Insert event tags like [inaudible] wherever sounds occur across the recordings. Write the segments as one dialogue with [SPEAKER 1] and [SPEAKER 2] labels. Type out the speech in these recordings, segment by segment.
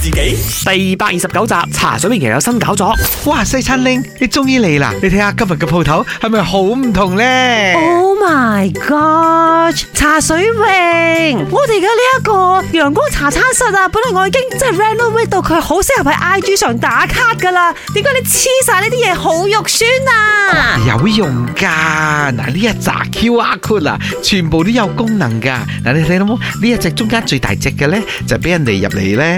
[SPEAKER 1] 自己第二百二十九集茶水明又有新搞作。哇西餐拎你終於嚟啦！你睇下今日嘅鋪頭係咪好唔
[SPEAKER 2] 同咧？Oh my god！茶水明，我哋嘅呢一個陽光茶餐室啊，本來我已經即係 renovate 到佢好適合喺 IG 上打卡噶啦，點解你黐晒呢啲嘢好肉酸啊？
[SPEAKER 1] 有用噶，嗱呢一集 QR Code 啊，全部都有功能噶。嗱你睇到冇呢一隻中間最大隻嘅咧，就俾人哋入嚟咧。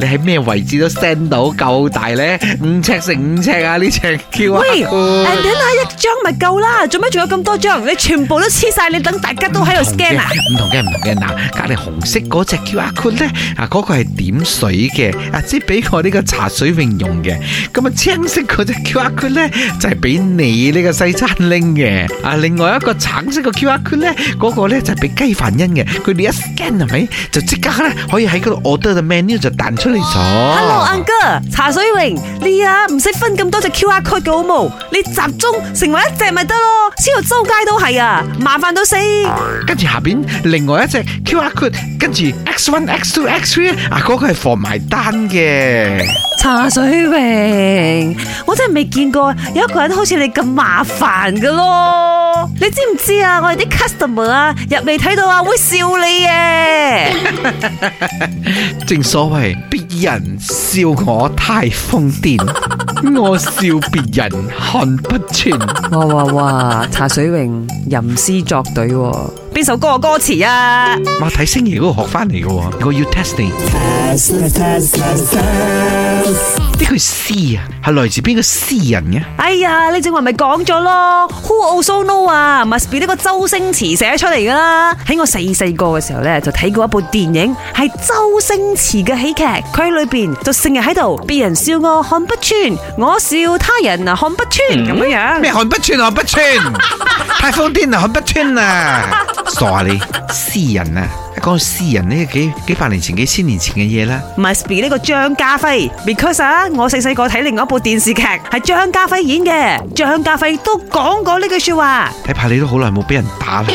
[SPEAKER 1] 你喺咩位置都 send 到，夠大咧？五尺乘五尺啊！呢隻 Q 啊，喂，and then
[SPEAKER 2] 一張咪夠啦，做咩仲有咁多張？你全部都黐晒，你等大家都喺度 scan 啦。
[SPEAKER 1] 唔同嘅，唔同嘅，嗱，隔籬紅色嗰隻 QR code 咧，嗱嗰個係點水嘅，即係俾我呢個茶水用用嘅。咁啊青色嗰隻 QR code 咧，就係俾你呢個西餐拎嘅。啊，另外一個橙色個 QR code 咧，嗰個咧就係俾雞凡恩嘅。佢哋一 scan 係咪就即刻咧可以喺嗰度 order 個 menu 就彈出。出嚟走！Hello，Uncle，
[SPEAKER 2] 茶水榮，你啊唔識分咁多隻 QR code 嘅好冇？你集中成為一隻咪得咯，超過周街都係啊，麻煩到死。
[SPEAKER 1] 跟住下邊另外一隻 QR code，跟住 X one、X two、X three，啊嗰個係防埋單嘅。
[SPEAKER 2] 茶水榮，我真係未見過有一個人都好似你咁麻煩㗎咯，你知唔知啊？我哋啲 customer 啊入嚟睇到啊會笑你嘅、啊，
[SPEAKER 1] [laughs] 正所謂，別人笑我太瘋癲，我笑別人看不穿。哇哇哇！茶水榮，吟詩作對。
[SPEAKER 2] 邊首歌嘅歌詞啊？爺
[SPEAKER 1] 我睇星爺嗰個學翻嚟嘅喎，個要 testing。呢句詩啊，係來自邊個詩人嘅、
[SPEAKER 2] 啊？哎呀，你正話咪講咗咯。Who also know 啊？Must be。呢個周星馳寫出嚟噶啦。喺我細細個嘅時候咧，就睇過一部電影，係周星馳嘅喜劇。佢裏邊就成日喺度，別人笑我看不穿，我笑他人啊看不穿，咁樣、嗯、樣。咩看
[SPEAKER 1] 不穿，看不穿， [laughs] 太瘋
[SPEAKER 2] 癲啦，看不穿啊！ [laughs] 傻啊你！
[SPEAKER 1] 詩人啊，一講到詩人呢，幾幾百年前、幾千年前嘅嘢啦。
[SPEAKER 2] My s 唔係，呢個張家輝。Because 啊，我細細個睇另外一部電視劇，係張家輝演嘅，張家輝都講過呢句說話。
[SPEAKER 1] 睇怕你都好耐冇俾人打啦。 [laughs]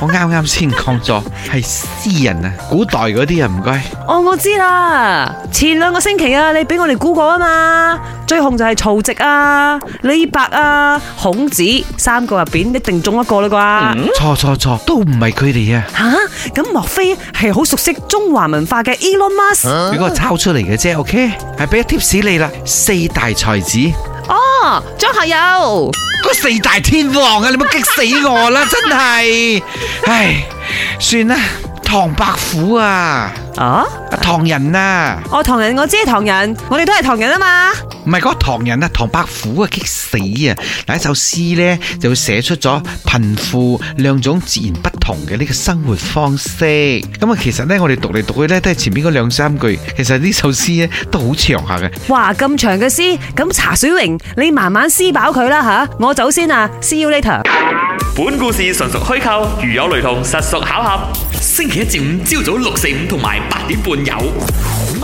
[SPEAKER 1] 我啱啱先講咗係詩人啊，古代嗰啲啊，唔該。
[SPEAKER 2] 哦，我知啦，前兩個星期啊，你俾我哋估過啊嘛。最紅就係曹植啊、李白啊、孔子三個入邊，一定中一個啦啩？錯錯
[SPEAKER 1] 錯，都唔係佢哋啊！
[SPEAKER 2] 吓，咁莫非係好熟悉中華文化嘅 Elon Musk？如果係抄
[SPEAKER 1] 出嚟嘅啫，OK，係俾一貼士你啦。四大才子哦，張學友，嗰四大天王啊！你咪激死我啦，真係，唉，算啦，唐伯虎啊，啊，唐人啊，
[SPEAKER 2] 我唐人，我知係唐人，我哋都係唐人啊嘛。
[SPEAKER 1] 唔係嗰個唐人啊，唐伯虎啊，激死啊！嗱，一首詩咧，就寫出咗貧富兩種截然不同嘅呢個生活方式。咁、嗯、啊，其實咧，我哋讀嚟讀去咧，都係前邊嗰兩三句。其實首詩呢首詩咧，都好長下
[SPEAKER 2] 嘅。哇，咁長嘅詩，咁茶水榮，你慢慢撕飽佢啦吓，我先走先啊，See you later。本故事純屬虛構，
[SPEAKER 1] 如有雷同，實屬巧合。星期一至五朝早六四五同埋八點半有。